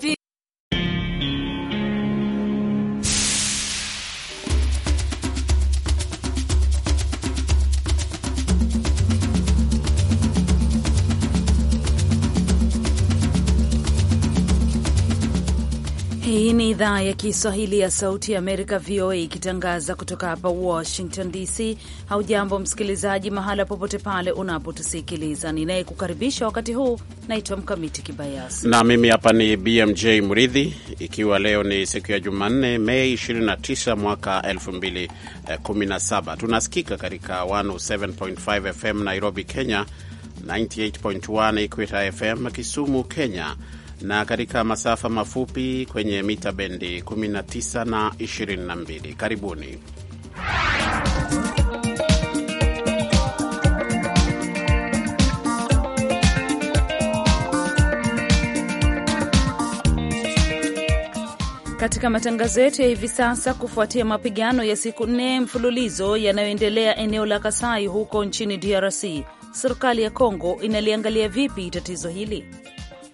The. idhaa ya Kiswahili ya Sauti ya Amerika, VOA, ikitangaza kutoka hapa Washington DC. Haujambo msikilizaji, mahala popote pale unapotusikiliza. Ninayekukaribisha wakati huu naitwa Mkamiti Kibayasi na mimi hapa ni BMJ Mridhi, ikiwa leo ni siku ya Jumanne, Mei 29 mwaka 2017. Tunasikika katika 107.5 FM Nairobi, Kenya, 98.1 Equita FM Kisumu, Kenya, na katika masafa mafupi kwenye mita bendi 19 na 22. Karibuni. Katika matangazo yetu ya hivi sasa, kufuatia mapigano ya siku nne mfululizo yanayoendelea eneo la Kasai huko nchini DRC, serikali ya Kongo inaliangalia vipi tatizo hili?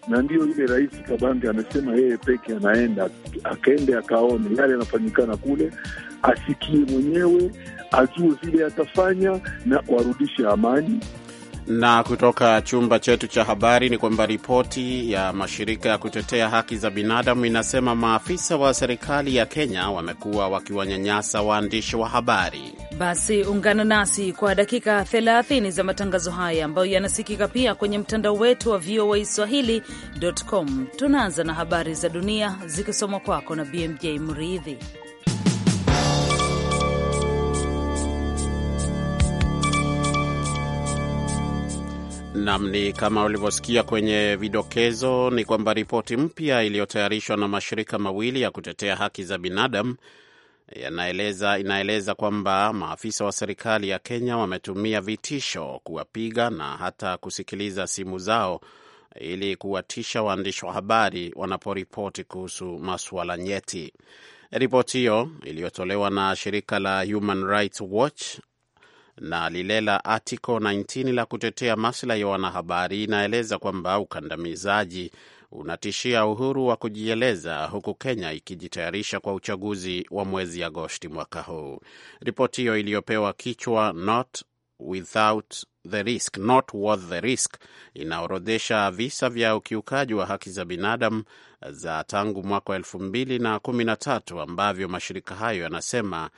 na ndiyo ile Rais Kabange amesema yeye peke anaenda akaende akaone yale yanafanyikana kule, asikie mwenyewe, ajue vile atafanya na warudishe amani na kutoka chumba chetu cha habari ni kwamba ripoti ya mashirika ya kutetea haki za binadamu inasema maafisa wa serikali ya Kenya wamekuwa wakiwanyanyasa waandishi wa habari. Basi ungana nasi kwa dakika 30 za matangazo haya ambayo yanasikika pia kwenye mtandao wetu wa VOA Swahili.com. Tunaanza na habari za dunia zikisomwa kwako na BMJ Mridhi. Nam, ni kama ulivyosikia kwenye vidokezo, ni kwamba ripoti mpya iliyotayarishwa na mashirika mawili ya kutetea haki za binadamu yanaeleza inaeleza kwamba maafisa wa serikali ya Kenya wametumia vitisho kuwapiga na hata kusikiliza simu zao ili kuwatisha waandishi wa habari wanaporipoti kuhusu masuala nyeti. Ripoti hiyo iliyotolewa na shirika la Human Rights Watch na lile la Article 19 la kutetea maslahi ya wanahabari inaeleza kwamba ukandamizaji unatishia uhuru wa kujieleza huku Kenya ikijitayarisha kwa uchaguzi wa mwezi Agosti mwaka huu. Ripoti hiyo iliyopewa kichwa not without the risk, not worth the risk inaorodhesha visa vya ukiukaji wa haki za binadamu za tangu mwaka wa elfu mbili na kumi na tatu ambavyo mashirika hayo yanasema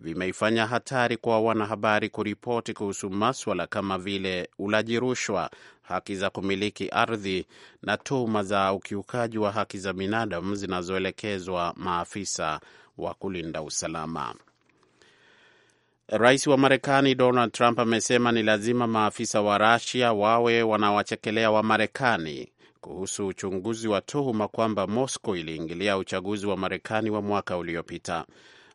vimeifanya hatari kwa wanahabari kuripoti kuhusu maswala kama vile ulaji rushwa, haki za kumiliki ardhi na tuhuma za ukiukaji wa haki za binadamu zinazoelekezwa maafisa wa kulinda usalama. Rais wa Marekani Donald Trump amesema ni lazima maafisa wa Rasia wawe wanawachekelea Wamarekani kuhusu uchunguzi wa tuhuma kwamba Moscow iliingilia uchaguzi wa Marekani wa mwaka uliopita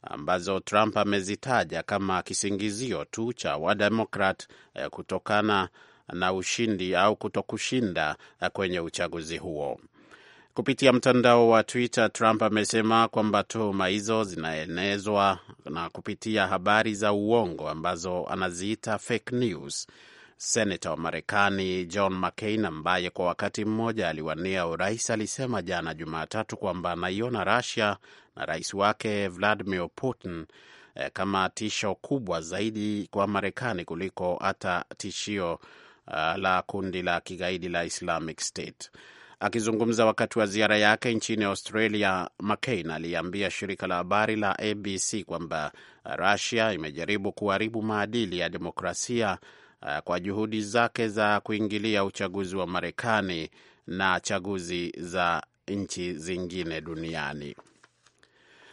ambazo Trump amezitaja kama kisingizio tu cha Wademokrat eh, kutokana na ushindi au kutokushinda eh, kwenye uchaguzi huo. Kupitia mtandao wa Twitter, Trump amesema kwamba tuhuma hizo zinaenezwa na kupitia habari za uongo ambazo anaziita fake news Senata wa Marekani John McCain ambaye kwa wakati mmoja aliwania urais alisema jana Jumatatu kwamba anaiona Russia na rais wake Vladimir Putin eh, kama tisho kubwa zaidi kwa Marekani kuliko hata tishio uh, la kundi la kigaidi la Islamic State. Akizungumza wakati wa ziara yake nchini Australia, McCain aliambia shirika la habari la ABC kwamba rasia imejaribu kuharibu maadili ya demokrasia Eh, kwa juhudi zake za kuingilia uchaguzi wa Marekani na chaguzi za nchi zingine duniani.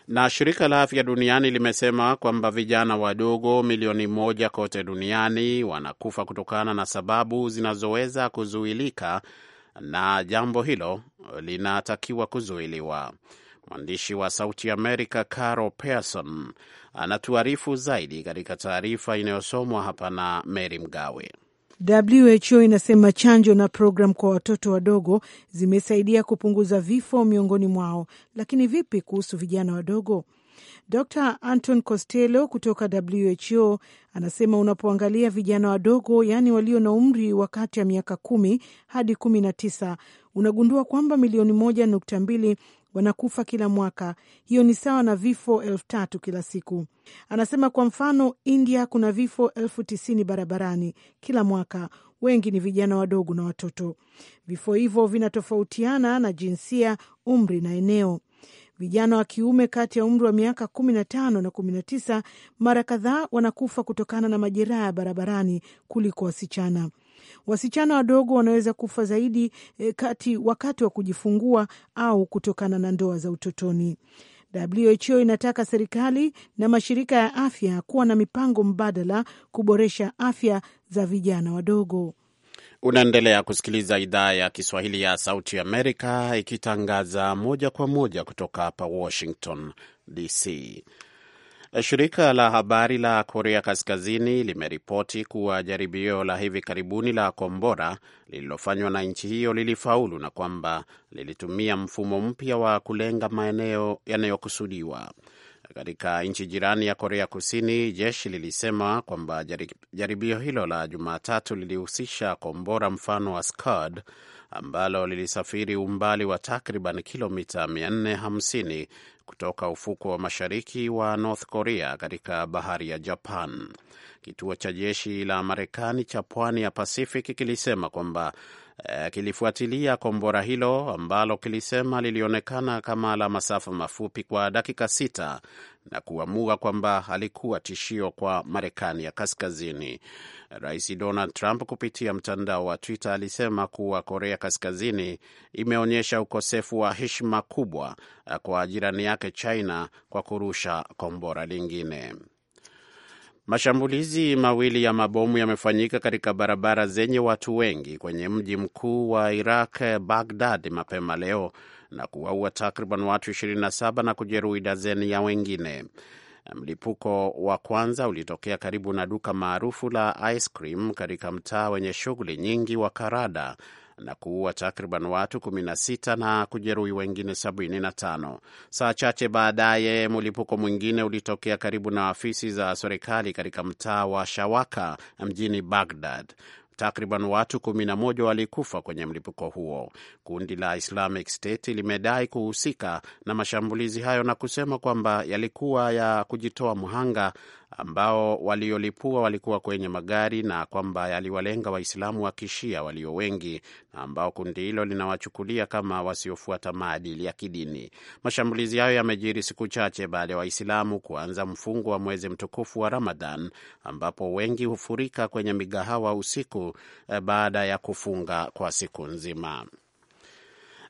Na shirika la afya duniani limesema kwamba vijana wadogo milioni moja kote duniani wanakufa kutokana na sababu zinazoweza kuzuilika na jambo hilo linatakiwa kuzuiliwa. Mwandishi wa Sauti Amerika Carol Pearson anatuarifu zaidi katika taarifa inayosomwa hapa na Mary Mgawe. WHO inasema chanjo na programu kwa watoto wadogo zimesaidia kupunguza vifo miongoni mwao, lakini vipi kuhusu vijana wadogo? Dr Anton Costello kutoka WHO anasema unapoangalia vijana wadogo, yaani walio na umri wa kati ya miaka kumi hadi kumi na tisa, unagundua kwamba milioni moja nukta mbili wanakufa kila mwaka. Hiyo ni sawa na vifo elfu tatu kila siku. Anasema kwa mfano, India kuna vifo elfu tisini barabarani kila mwaka, wengi ni vijana wadogo na watoto. Vifo hivyo vinatofautiana na jinsia, umri na eneo. Vijana wa kiume kati ya umri wa miaka kumi na tano na kumi na tisa mara kadhaa wanakufa kutokana na majeraha ya barabarani kuliko wasichana. Wasichana wadogo wanaweza kufa zaidi e, kati wakati wa kujifungua au kutokana na ndoa za utotoni. WHO inataka serikali na mashirika ya afya kuwa na mipango mbadala kuboresha afya za vijana wadogo. Unaendelea kusikiliza idhaa ya Kiswahili ya Sauti Amerika ikitangaza moja kwa moja kutoka hapa Washington DC. Eh, shirika la habari la Korea Kaskazini limeripoti kuwa jaribio la hivi karibuni la kombora lililofanywa na nchi hiyo lilifaulu na kwamba lilitumia mfumo mpya wa kulenga maeneo yanayokusudiwa. Katika nchi jirani ya Korea Kusini, jeshi lilisema kwamba jaribio hilo la Jumatatu lilihusisha kombora mfano wa Scud ambalo lilisafiri umbali wa takriban kilomita 450 kutoka ufuko wa mashariki wa North Korea katika bahari ya Japan. Kituo cha jeshi la Marekani cha pwani ya Pacific kilisema kwamba uh, kilifuatilia kombora hilo ambalo kilisema lilionekana kama la masafa mafupi kwa dakika sita na kuamua kwamba alikuwa tishio kwa Marekani ya Kaskazini. Rais Donald Trump kupitia mtandao wa Twitter alisema kuwa Korea Kaskazini imeonyesha ukosefu wa heshima kubwa kwa jirani yake China kwa kurusha kombora lingine. Mashambulizi mawili ya mabomu yamefanyika katika barabara zenye watu wengi kwenye mji mkuu wa Iraq, Baghdad, mapema leo na kuwaua takriban watu 27 na kujeruhi dazeni ya wengine. Mlipuko wa kwanza ulitokea karibu na duka maarufu la ice cream katika mtaa wenye shughuli nyingi wa Karada na kuua takriban watu 16 na kujeruhi wengine 75. Saa chache baadaye mlipuko mwingine ulitokea karibu na afisi za serikali katika mtaa wa Shawaka mjini Baghdad. Takriban watu 11 walikufa kwenye mlipuko huo. Kundi la Islamic State limedai kuhusika na mashambulizi hayo na kusema kwamba yalikuwa ya kujitoa mhanga ambao waliolipua walikuwa kwenye magari na kwamba yaliwalenga Waislamu wa Kishia walio wengi na ambao kundi hilo linawachukulia kama wasiofuata maadili ya kidini. Mashambulizi hayo yamejiri siku chache baada ya Waislamu kuanza mfungo wa mwezi mtukufu wa Ramadhan, ambapo wengi hufurika kwenye migahawa usiku Eh, baada ya kufunga kwa siku nzima.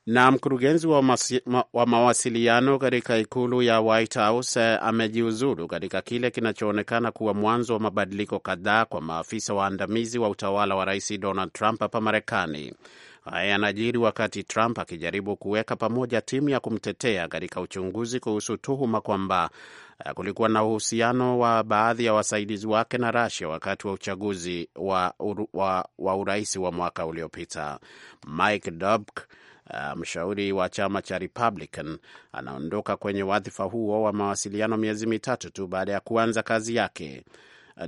Na mkurugenzi wa, masi, ma, wa mawasiliano katika ikulu ya White House eh, amejiuzulu katika kile kinachoonekana kuwa mwanzo wa mabadiliko kadhaa kwa maafisa waandamizi wa utawala wa Rais Donald Trump hapa Marekani. Haya yanajiri wakati Trump akijaribu kuweka pamoja timu ya kumtetea katika uchunguzi kuhusu tuhuma kwamba Eh, kulikuwa na uhusiano wa baadhi ya wasaidizi wake na Russia wakati wa uchaguzi wa, wa, wa urais wa mwaka uliopita. Mike Dubk eh, mshauri wa chama cha Republican anaondoka kwenye wadhifa huo wa mawasiliano miezi mitatu tu baada ya kuanza kazi yake.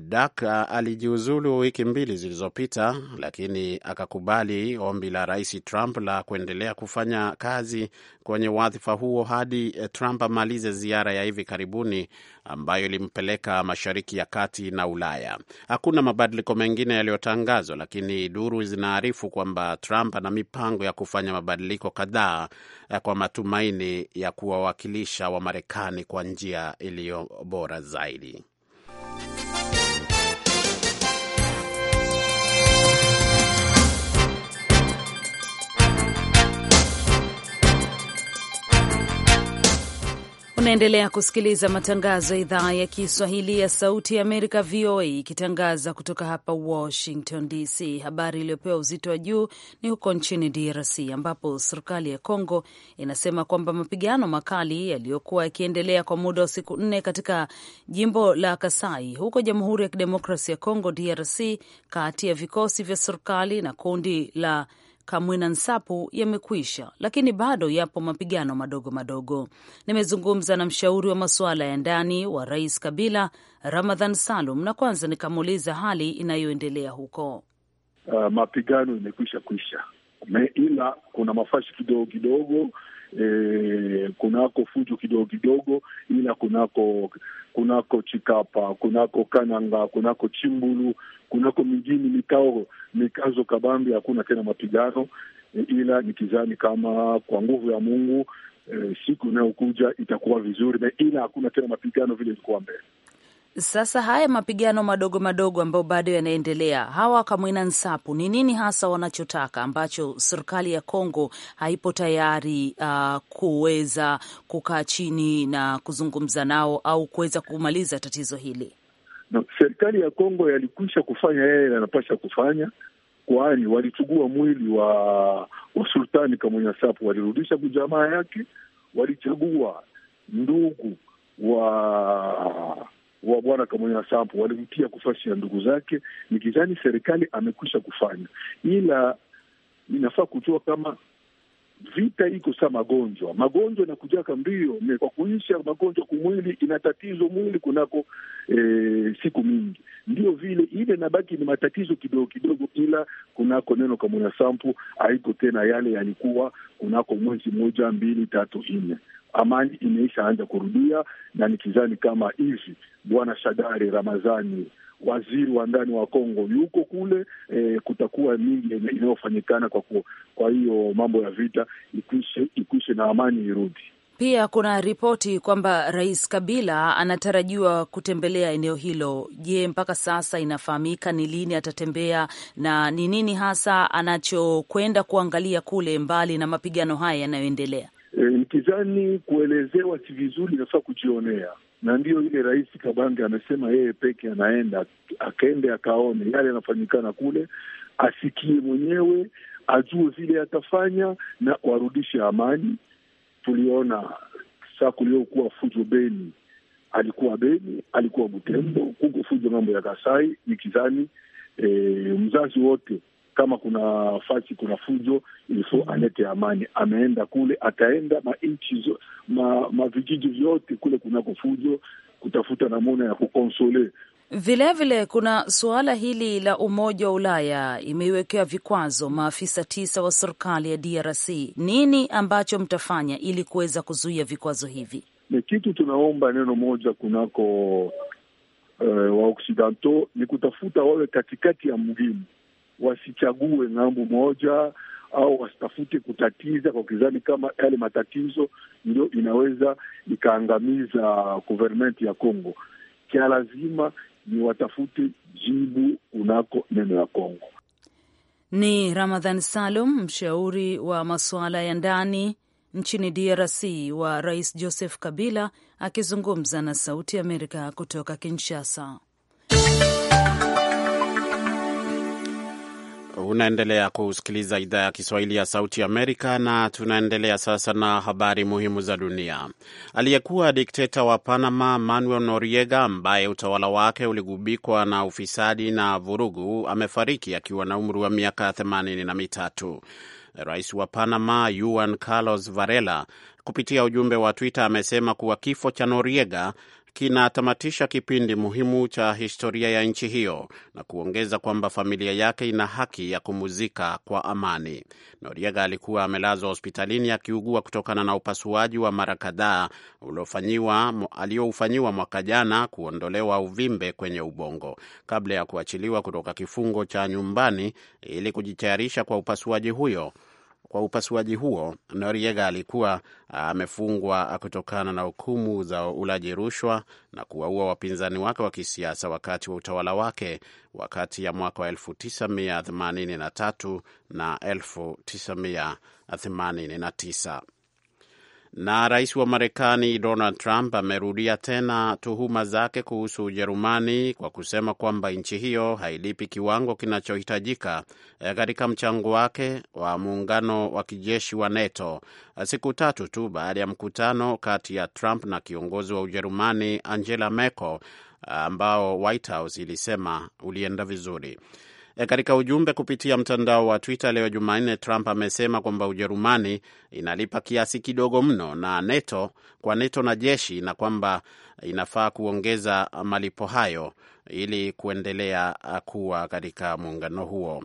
Dak alijiuzulu wiki mbili zilizopita, lakini akakubali ombi la Rais Trump la kuendelea kufanya kazi kwenye wadhifa huo hadi eh, Trump amalize ziara ya hivi karibuni ambayo ilimpeleka Mashariki ya Kati na Ulaya. Hakuna mabadiliko mengine yaliyotangazwa, lakini duru zinaarifu kwamba Trump ana mipango ya kufanya mabadiliko kadhaa eh, kwa matumaini ya kuwawakilisha Wamarekani kwa njia iliyo bora zaidi. Unaendelea kusikiliza matangazo ya idhaa ya Kiswahili ya Sauti ya Amerika, VOA, ikitangaza kutoka hapa Washington DC. Habari iliyopewa uzito wa juu ni huko nchini DRC, ambapo serikali ya congo inasema kwamba mapigano makali yaliyokuwa yakiendelea kwa muda wa siku nne katika jimbo la Kasai huko Jamhuri ya Kidemokrasi ya Kongo, DRC, kati ya vikosi vya serikali na kundi la Kamwina Nsapu yamekwisha, lakini bado yapo mapigano madogo madogo. Nimezungumza na mshauri wa masuala ya ndani wa Rais Kabila, Ramadhan Salum, na kwanza nikamuuliza hali inayoendelea huko. Uh, mapigano imekwisha kwisha, ila kuna mafashi kidogo kidogo e, kunako fujo kidogo kidogo, ila kunako kunako Chikapa, kunako Kananga, kunako Chimbulu, kunako mingini mikao mikazo kabambi hakuna tena mapigano e, ila nikizani kama kwa nguvu ya Mungu e, siku inayokuja itakuwa vizuri na ila hakuna tena mapigano vile ilikuwa mbele. Sasa haya mapigano madogo madogo ambayo bado yanaendelea, hawa Kamwina Nsapu, ni nini hasa wanachotaka ambacho serikali ya Kongo haipo tayari uh, kuweza kukaa chini na kuzungumza nao au kuweza kumaliza tatizo hili? No, serikali ya Kongo yalikwisha kufanya yeye yanapasha kufanya, kwani walichugua mwili wa, wa Sultani Kamwina Nsapu, walirudisha kujamaa yake, walichagua ndugu wa wa Bwana Kamonyi Sampo walimtia kufasi ya ndugu zake, nikizani serikali amekwisha kufanya, ila inafaa kujua kama vita iko saa magonjwa, magonjwa inakujaka mbio. Kwa kuisha magonjwa kumwili inatatizo mwili kunako e, siku mingi, ndio vile ile nabaki ni matatizo kidogo kidogo, ila kunako neno Kamonyi sampu haiko tena yale yalikuwa kunako mwezi moja mbili tatu nne amani imeishaanza kurudia, na nikizani kama hivi Bwana Shadari ramadhani waziri wa ndani wa Kongo yuko kule e, kutakuwa mingi inayofanyikana kwa ku, kwa hiyo mambo ya vita ikwishe, ikwishe na amani irudi. Pia kuna ripoti kwamba Rais Kabila anatarajiwa kutembelea eneo hilo. Je, mpaka sasa inafahamika ni lini atatembea na ni nini hasa anachokwenda kuangalia kule, mbali na mapigano haya yanayoendelea? e, mtizani kuelezewa si vizuri, inafaa kujionea, na ndiyo ile Rais Kabange amesema yeye peke anaenda, akaende akaone yale yanafanyikana kule, asikie mwenyewe, ajue vile atafanya na warudishe amani. Tuliona saa kuliokuwa fujo Beni, alikuwa Beni, alikuwa Butembo, kuko fujo mambo ya Kasai. Nikizani e, mzazi wote kama kuna fasi, kuna fujo, ilifo mm-hmm. alete amani. Ameenda kule, ataenda manchi ma, vijiji vyote kule kunako fujo kutafuta namna ya kukonsole. Vilevile vile, kuna suala hili la Umoja wa Ulaya imeiwekea vikwazo maafisa tisa wa serikali ya DRC. Nini ambacho mtafanya ili kuweza kuzuia vikwazo hivi? Ni kitu tunaomba neno moja kunako uh, wa ni kutafuta wawe katikati ya muhimu wasichague ng'ambo moja au wasitafute kutatiza kwa kizani kama yale matatizo ndio inaweza ikaangamiza government ya Congo. kila lazima ni watafute jibu kunako neno ya Congo. Ni Ramadhan Salum, mshauri wa masuala ya ndani nchini DRC wa Rais Joseph Kabila akizungumza na Sauti ya Amerika kutoka Kinshasa. Unaendelea kusikiliza idhaa ya Kiswahili ya Sauti Amerika, na tunaendelea sasa na habari muhimu za dunia. Aliyekuwa dikteta wa Panama Manuel Noriega, ambaye utawala wake uligubikwa na ufisadi na vurugu, amefariki akiwa na umri wa miaka themanini na mitatu. Rais wa Panama Juan Carlos Varela kupitia ujumbe wa Twitter amesema kuwa kifo cha Noriega kinatamatisha kipindi muhimu cha historia ya nchi hiyo na kuongeza kwamba familia yake ina haki ya kumuzika kwa amani. Noriega alikuwa amelazwa hospitalini akiugua kutokana na upasuaji wa mara kadhaa aliyoufanyiwa mwaka jana kuondolewa uvimbe kwenye ubongo kabla ya kuachiliwa kutoka kifungo cha nyumbani ili kujitayarisha kwa upasuaji huyo kwa upasuaji huo, Noriega alikuwa ah, amefungwa kutokana na hukumu za ulaji rushwa na kuwaua wapinzani wake wa kisiasa wakati wa utawala wake wakati ya mwaka wa 1983 na 1989. Na rais wa Marekani Donald Trump amerudia tena tuhuma zake kuhusu Ujerumani kwa kusema kwamba nchi hiyo hailipi kiwango kinachohitajika eh, katika mchango wake wa muungano wa kijeshi wa NATO, eh, siku tatu tu baada ya mkutano kati ya Trump na kiongozi wa Ujerumani Angela Merkel eh, ambao White House ilisema ulienda vizuri. E, katika ujumbe kupitia mtandao wa Twitter leo Jumanne, Trump amesema kwamba Ujerumani inalipa kiasi kidogo mno na NATO kwa NATO na jeshi na kwamba inafaa kuongeza malipo hayo ili kuendelea uh, kuwa katika muungano huo.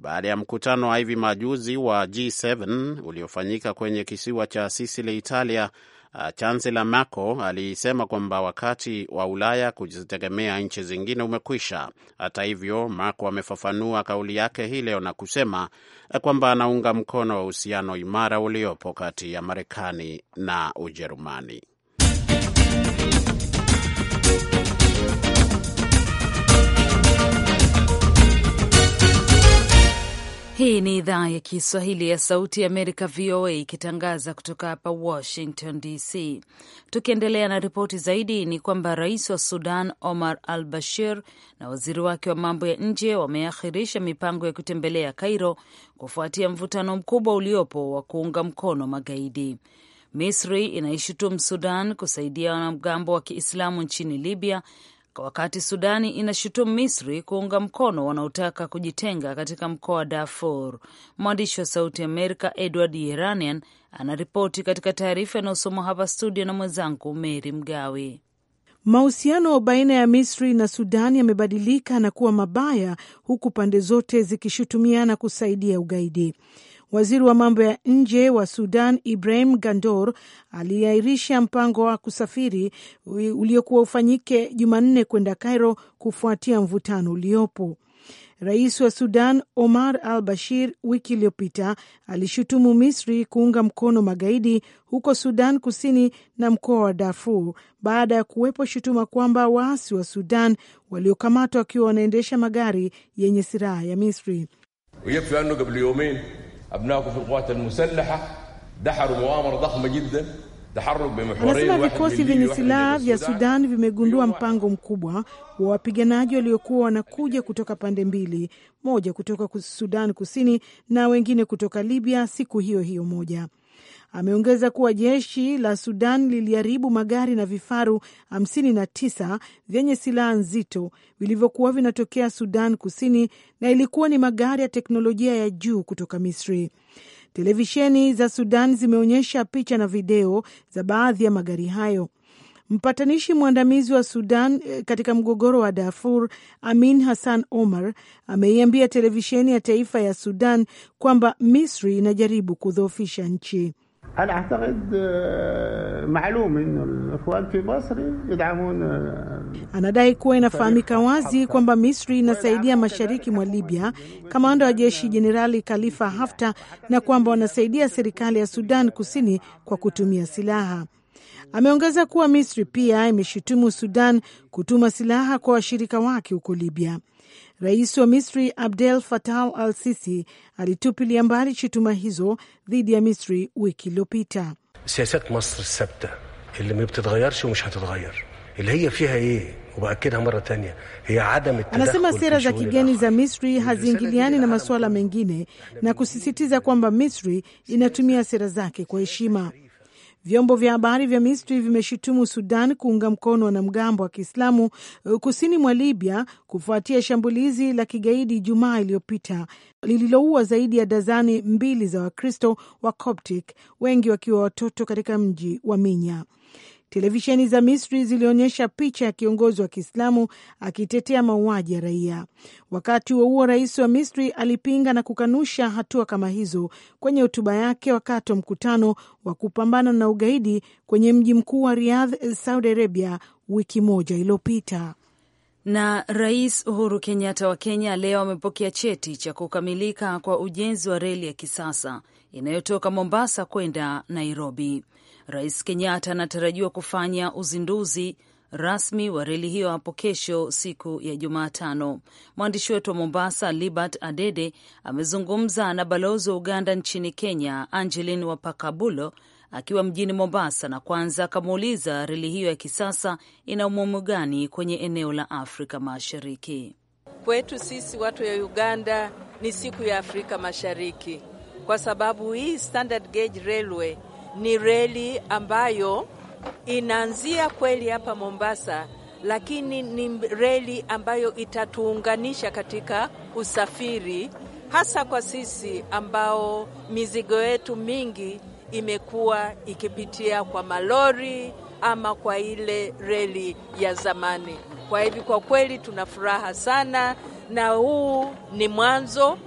Baada ya mkutano wa hivi majuzi wa G7 uliofanyika kwenye kisiwa cha Sisili, Italia, Uh, chancela maco Merkel alisema kwamba wakati wa Ulaya kujitegemea nchi zingine umekwisha. Hata hivyo, Merkel amefafanua kauli yake hii leo na kusema eh, kwamba anaunga mkono wa uhusiano imara uliopo kati ya Marekani na Ujerumani. Hii ni idhaa ya Kiswahili ya Sauti ya Amerika, VOA, ikitangaza kutoka hapa Washington DC. Tukiendelea na ripoti zaidi, ni kwamba rais wa Sudan Omar al Bashir na waziri wake wa mambo ya nje wameakhirisha mipango ya kutembelea Kairo kufuatia mvutano mkubwa uliopo wa kuunga mkono magaidi. Misri inaishutumu Sudan kusaidia wanamgambo wa Kiislamu nchini Libya kwa wakati Sudani inashutumu Misri kuunga mkono wanaotaka kujitenga katika mkoa wa Darfur. Mwandishi wa Sauti Amerika Edward Yeranian anaripoti katika taarifa inayosomwa hapa studio na mwenzangu Meri Mgawe. Mahusiano baina ya Misri na Sudani yamebadilika na kuwa mabaya, huku pande zote zikishutumiana kusaidia ugaidi. Waziri wa mambo ya nje wa Sudan Ibrahim Gandor aliairisha mpango wa kusafiri uliokuwa ufanyike Jumanne kwenda Cairo kufuatia mvutano uliopo. Rais wa Sudan Omar al Bashir wiki iliyopita alishutumu Misri kuunga mkono magaidi huko Sudan Kusini na mkoa wa Darfur baada ya kuwepo shutuma kwamba waasi wa Sudan waliokamatwa wakiwa wanaendesha magari yenye silaha ya Misri ابنائكم في القوات المسلحه دحروا مؤامره ضخمه جدا Anasema vikosi vyenye silaha vya Sudan vimegundua mpango mkubwa wa wapiganaji waliokuwa wanakuja kutoka pande mbili, moja kutoka Sudan Kusini na wengine kutoka Libya siku hiyo hiyo moja. Ameongeza kuwa jeshi la Sudan liliharibu magari na vifaru 59 vyenye silaha nzito vilivyokuwa vinatokea Sudan Kusini, na ilikuwa ni magari ya teknolojia ya juu kutoka Misri. Televisheni za Sudan zimeonyesha picha na video za baadhi ya magari hayo. Mpatanishi mwandamizi wa Sudan eh, katika mgogoro wa Darfur, Amin Hassan Omar, ameiambia televisheni ya taifa ya Sudan kwamba Misri inajaribu kudhoofisha nchi. Anadai kuwa inafahamika wazi kwamba Misri inasaidia mashariki mwa Libya kamanda wa jeshi Jenerali Khalifa Haftar na kwamba wanasaidia serikali ya Sudan Kusini kwa kutumia silaha. Ameongeza kuwa Misri pia imeshutumu Sudan kutuma silaha kwa washirika wake huko Libya. Rais wa Misri Abdel Fattah al Sisi alitupilia mbali shutuma hizo dhidi ya Misri wiki iliyopita. siasat masr sabta ili ma wa msh hatitghayar ili hiya fiha ye Anasema sera za kigeni za Misri haziingiliani na masuala mengine na kusisitiza kwamba Misri inatumia sera zake kwa heshima. Vyombo vya habari vya Misri vimeshutumu Sudan kuunga mkono wanamgambo wa Kiislamu uh, kusini mwa Libya kufuatia shambulizi la kigaidi Jumaa iliyopita lililoua zaidi ya dazani mbili za Wakristo wa Coptic, wengi wakiwa watoto katika mji wa Minya. Televisheni za Misri zilionyesha picha ya kiongozi wa Kiislamu akitetea mauaji ya raia. Wakati huo huo, rais wa Misri alipinga na kukanusha hatua kama hizo kwenye hotuba yake wakati wa mkutano wa kupambana na ugaidi kwenye mji mkuu wa Riyadh, Saudi Arabia, wiki moja iliyopita. Na Rais Uhuru Kenyatta wa Kenya leo amepokea cheti cha kukamilika kwa ujenzi wa reli ya kisasa inayotoka Mombasa kwenda Nairobi. Rais Kenyatta anatarajiwa kufanya uzinduzi rasmi wa reli hiyo hapo kesho siku ya Jumatano. Mwandishi wetu wa Mombasa, Libert Adede, amezungumza na balozi wa Uganda nchini Kenya, angelin Wapakabulo, akiwa mjini Mombasa, na kwanza akamuuliza reli hiyo ya kisasa ina umuhimu gani kwenye eneo la Afrika Mashariki. Kwetu sisi watu ya Uganda ni siku ya Afrika Mashariki, kwa sababu hii standard gauge railway ni reli ambayo inaanzia kweli hapa Mombasa, lakini ni reli ambayo itatuunganisha katika usafiri, hasa kwa sisi ambao mizigo yetu mingi imekuwa ikipitia kwa malori ama kwa ile reli ya zamani. Kwa hivyo kwa kweli tuna furaha sana, na huu ni mwanzo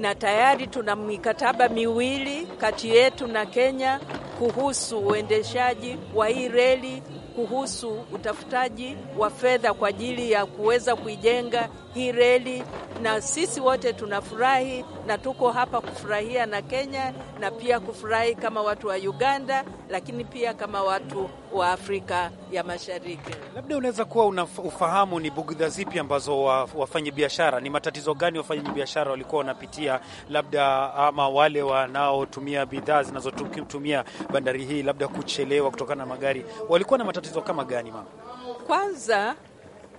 na tayari tuna mikataba miwili kati yetu na Kenya kuhusu uendeshaji wa hii reli, kuhusu utafutaji wa fedha kwa ajili ya kuweza kuijenga hii reli na sisi wote tunafurahi na tuko hapa kufurahia na Kenya na pia kufurahi kama watu wa Uganda, lakini pia kama watu wa Afrika ya Mashariki. Labda unaweza kuwa unafahamu ni bugudha zipi ambazo wafanyabiashara, ni matatizo gani wafanyabiashara walikuwa wanapitia, labda ama wale wanaotumia bidhaa zinazotumia bandari hii, labda kuchelewa kutokana na magari, walikuwa na matatizo kama gani mama? Kwanza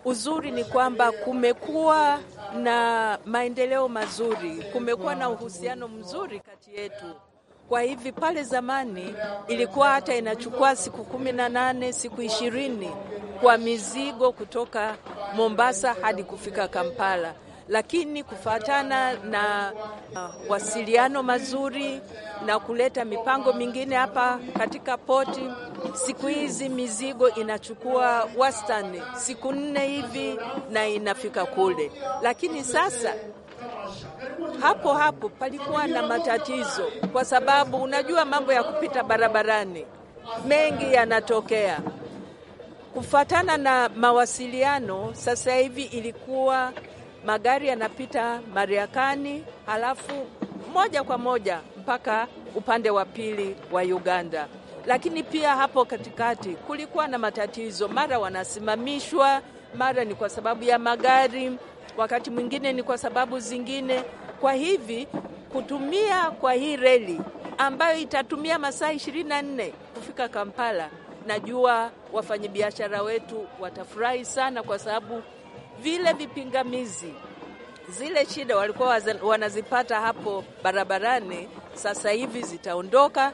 uzuri ni kwamba kumekuwa na maendeleo mazuri, kumekuwa na uhusiano mzuri kati yetu. Kwa hivi pale zamani ilikuwa hata inachukua siku kumi na nane siku ishirini kwa mizigo kutoka Mombasa hadi kufika Kampala lakini kufatana na mawasiliano uh, mazuri na kuleta mipango mingine hapa katika poti. Siku hizi mizigo inachukua wastani siku nne hivi na inafika kule, lakini sasa hapo hapo palikuwa na matatizo, kwa sababu unajua mambo ya kupita barabarani mengi yanatokea. Kufatana na mawasiliano sasa hivi ilikuwa magari yanapita Mariakani, halafu moja kwa moja mpaka upande wa pili wa Uganda. Lakini pia hapo katikati kulikuwa na matatizo, mara wanasimamishwa, mara ni kwa sababu ya magari, wakati mwingine ni kwa sababu zingine. Kwa hivi kutumia kwa hii reli ambayo itatumia masaa 24 kufika Kampala, najua wafanyabiashara wetu watafurahi sana kwa sababu vile vipingamizi, zile shida walikuwa wanazipata hapo barabarani, sasa hivi zitaondoka.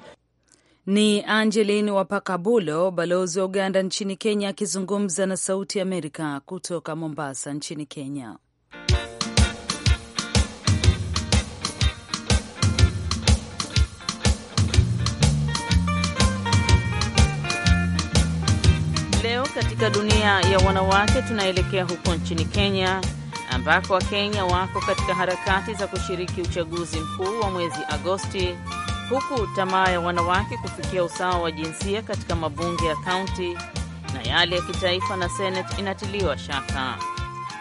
Ni Angeline Wapakabulo, balozi wa Uganda nchini Kenya, akizungumza na Sauti ya Amerika kutoka Mombasa nchini Kenya. Katika dunia ya wanawake, tunaelekea huko nchini Kenya ambako Wakenya wako katika harakati za kushiriki uchaguzi mkuu wa mwezi Agosti, huku tamaa ya wanawake kufikia usawa wa jinsia katika mabunge ya kaunti na yale ya kitaifa na seneti inatiliwa shaka.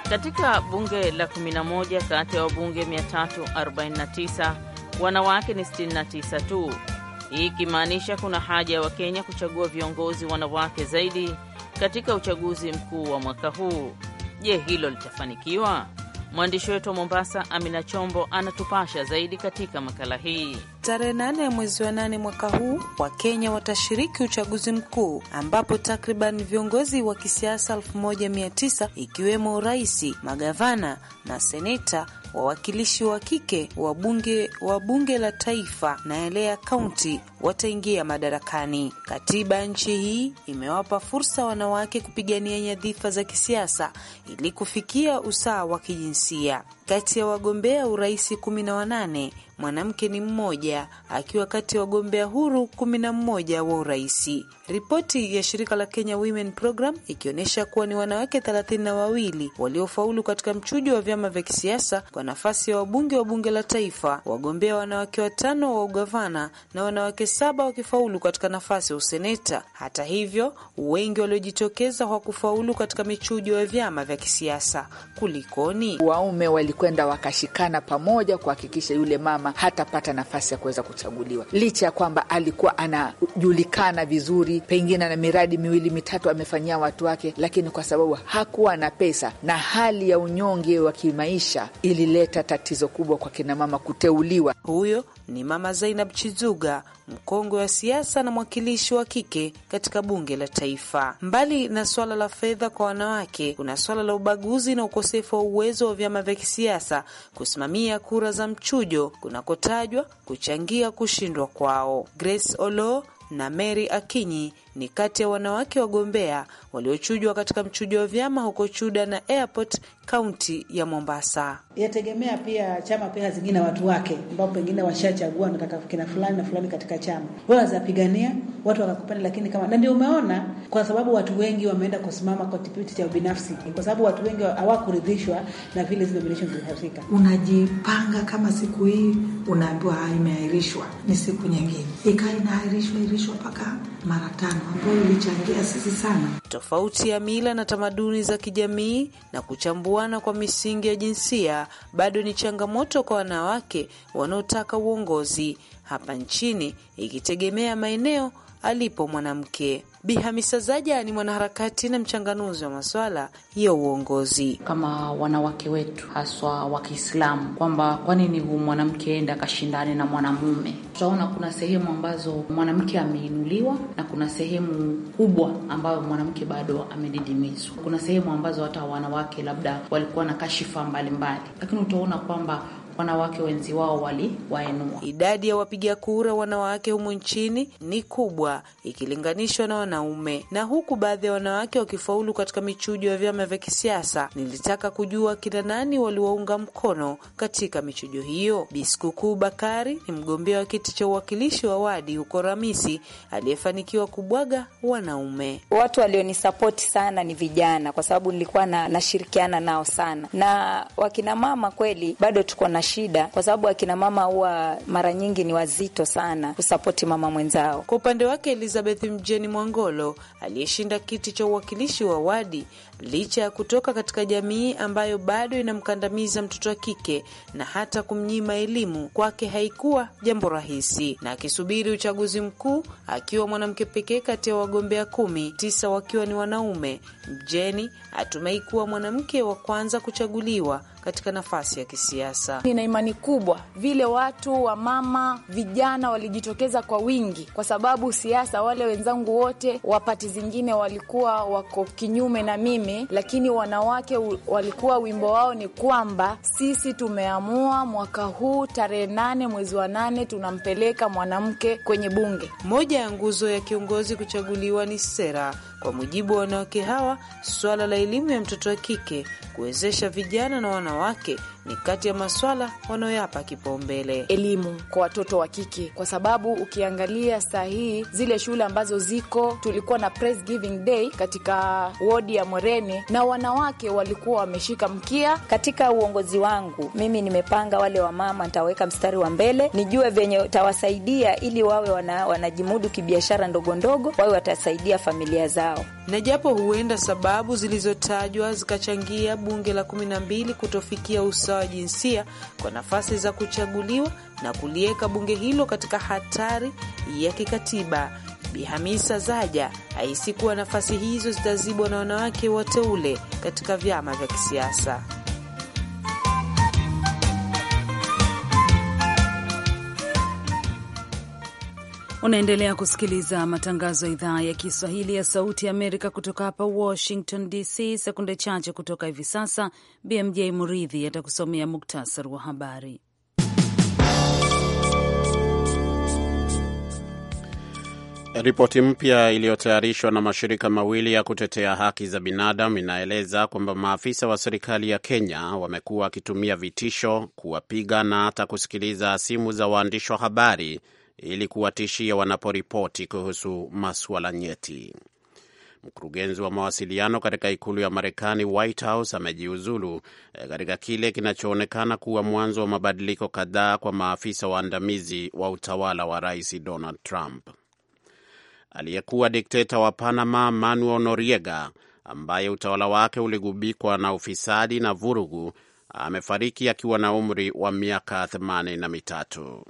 Katika bunge la 11 kati ya wabunge 349 wanawake ni 69 tu, hii ikimaanisha kuna haja ya Wakenya kuchagua viongozi wanawake zaidi katika uchaguzi mkuu wa mwaka huu. Je, hilo litafanikiwa? Mwandishi wetu wa Mombasa, Amina Chombo, anatupasha zaidi katika makala hii. Tarehe nane mwezi wa nane mwaka huu Wakenya watashiriki uchaguzi mkuu ambapo takriban viongozi wa kisiasa 1900 ikiwemo rais, magavana na seneta, wawakilishi wa kike wa bunge wa bunge la taifa na yale ya kaunti wataingia madarakani. Katiba ya nchi hii imewapa fursa wanawake kupigania nyadhifa za kisiasa ili kufikia usawa wa kijinsia. Kati ya wagombea urais wanane mwanamke ni mmoja akiwa kati ya wagombea huru kumi na mmoja wa uraisi. Ripoti ya shirika la Kenya Women Program ikionyesha kuwa ni wanawake thelathini na wawili waliofaulu katika mchujo wa vyama vya kisiasa kwa nafasi ya wabunge wa bunge la taifa, wagombea wanawake watano wa ugavana na wanawake saba wakifaulu katika nafasi ya useneta. Hata hivyo, wengi waliojitokeza kufaulu katika michujo ya vyama vya kisiasa. Kulikoni? Waume walikwenda wakashikana pamoja kuhakikisha yule mama kama hatapata nafasi ya kuweza kuchaguliwa, licha ya kwamba alikuwa anajulikana vizuri, pengine na miradi miwili mitatu amefanyia watu wake, lakini kwa sababu hakuwa na pesa na hali ya unyonge wa kimaisha ilileta tatizo kubwa kwa kinamama kuteuliwa. Huyo ni Mama Zainab Chizuga mkongwe wa siasa na mwakilishi wa kike katika bunge la taifa. Mbali na swala la fedha kwa wanawake, kuna swala la ubaguzi na ukosefu wa uwezo wa vyama vya kisiasa kusimamia kura za mchujo kunakotajwa kuchangia kushindwa kwao. Grace Olo na Mary Akinyi ni kati ya wanawake wagombea waliochujwa katika mchujo wa vyama huko Chuda na Airport kaunti ya Mombasa. Yategemea pia chama pia zingine watu wake ambao pengine washachagua wanataka kina fulani na fulani katika chama, wazapigania watu wakakupenda, lakini kama na ndio umeona, kwa sababu watu wengi wameenda kusimama kwa kipindi cha ubinafsi, kwa sababu watu wengi hawakuridhishwa na vile zile nomination Unajipanga kama siku hii unaambiwa ah, imeahirishwa, ni siku nyingine, ikaa inaahirishwa irishwa mpaka mara tano ambayo ilichangia sisi sana tofauti ya mila na tamaduni za kijamii na kuchambuana kwa misingi ya jinsia bado ni changamoto kwa wanawake wanaotaka uongozi hapa nchini, ikitegemea maeneo alipo mwanamke. Bi Hamisa Zaja ni mwanaharakati na mchanganuzi wa maswala ya uongozi. Kama wanawake wetu haswa wa Kiislamu, kwamba kwa nini huu mwanamke enda akashindane na mwanamume? Tutaona kuna sehemu ambazo mwanamke ameinuliwa na kuna sehemu kubwa ambayo mwanamke bado amedidimizwa. Kuna sehemu ambazo hata wanawake labda walikuwa na kashifa mbalimbali, lakini utaona kwamba wanawake wenzi wao waliwainua. Idadi ya wapiga kura wanawake humu nchini ni kubwa ikilinganishwa na wanaume, na huku baadhi ya wanawake wakifaulu katika michujo ya vyama vya kisiasa. Nilitaka kujua kina nani waliwaunga mkono katika michujo hiyo. Biskukuu Bakari ni mgombea wa kiti cha uwakilishi wa wadi huko Ramisi aliyefanikiwa kubwaga wanaume. Watu walionisapoti sana ni vijana, kwa sababu nilikuwa na nashirikiana nao sana na wakinamama. Kweli bado tuko na shida, kwa sababu akina mama huwa mara nyingi ni wazito sana kusapoti mama mwenzao. Kwa upande wake, Elizabeth Mjeni Mwangolo aliyeshinda kiti cha uwakilishi wa wadi licha ya kutoka katika jamii ambayo bado inamkandamiza mtoto wa kike na hata kumnyima elimu, kwake haikuwa jambo rahisi, na akisubiri uchaguzi mkuu akiwa mwanamke pekee kati ya wagombea kumi, tisa wakiwa ni wanaume, Mjeni atumai kuwa mwanamke wa kwanza kuchaguliwa katika nafasi ya kisiasa. Nina imani kubwa vile watu wa mama vijana walijitokeza kwa wingi, kwa sababu siasa, wale wenzangu wote wa pati zingine walikuwa wako kinyume na mimi, lakini wanawake walikuwa wimbo wao ni kwamba sisi tumeamua mwaka huu tarehe nane mwezi wa nane tunampeleka mwanamke kwenye bunge. Moja ya nguzo ya kiongozi kuchaguliwa ni sera kwa mujibu wa wanawake hawa, suala la elimu ya mtoto wa kike kuwezesha vijana na wanawake ni kati ya maswala wanayoyapa kipaumbele. Elimu kwa watoto wa kike, kwa sababu ukiangalia saa hii zile shule ambazo ziko, tulikuwa na press giving day katika wodi ya Mwerene na wanawake walikuwa wameshika mkia. Katika uongozi wangu mimi nimepanga wale wamama ntaweka mstari wa mbele, nijue venye tawasaidia ili wawe wana, wanajimudu kibiashara ndogo ndogo, wawe watasaidia familia zao. Na japo huenda sababu zilizotajwa zikachangia bunge la kumi na mbili kutofikia usawa usawa wa jinsia kwa nafasi za kuchaguliwa na kuliweka bunge hilo katika hatari ya kikatiba. Bi Hamisa Zaja haisi kuwa nafasi hizo zitazibwa na wanawake wateule katika vyama vya kisiasa. Unaendelea kusikiliza matangazo ya idhaa ya Kiswahili ya Sauti ya Amerika kutoka hapa Washington DC. Sekunde chache kutoka hivi sasa, BMJ Muridhi atakusomea muktasari wa habari. Ripoti mpya iliyotayarishwa na mashirika mawili ya kutetea haki za binadamu inaeleza kwamba maafisa wa serikali ya Kenya wamekuwa wakitumia vitisho, kuwapiga na hata kusikiliza simu za waandishi wa habari ili kuwatishia wanaporipoti kuhusu masuala nyeti. Mkurugenzi wa mawasiliano katika ikulu ya Marekani, White House, amejiuzulu eh, katika kile kinachoonekana kuwa mwanzo wa mabadiliko kadhaa kwa maafisa waandamizi wa utawala wa Rais Donald Trump. Aliyekuwa dikteta wa Panama Manuel Noriega, ambaye utawala wake uligubikwa na ufisadi na vurugu, amefariki akiwa na umri wa miaka themanini na mitatu.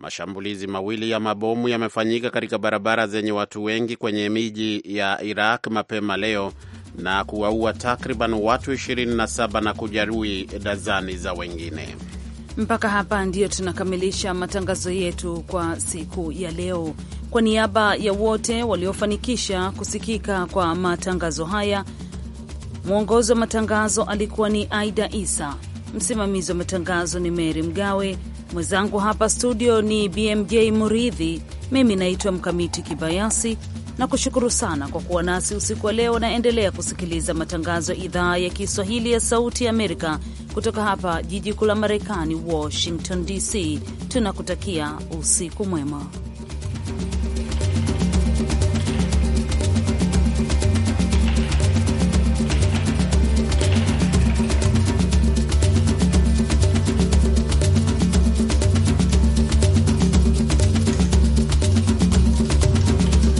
Mashambulizi mawili ya mabomu yamefanyika katika barabara zenye watu wengi kwenye miji ya Iraq mapema leo na kuwaua takriban watu 27 na kujeruhi dazani za wengine. Mpaka hapa ndiyo tunakamilisha matangazo yetu kwa siku ya leo. Kwa niaba ya wote waliofanikisha kusikika kwa matangazo haya, mwongozi wa matangazo alikuwa ni Aida Isa, msimamizi wa matangazo ni Meri Mgawe. Mwenzangu hapa studio ni BMJ Muridhi, mimi naitwa Mkamiti Kibayasi na kushukuru sana kwa kuwa nasi usiku wa leo. Naendelea kusikiliza matangazo ya idhaa ya Kiswahili ya Sauti ya Amerika kutoka hapa jiji kuu la Marekani, Washington DC. Tunakutakia usiku mwema.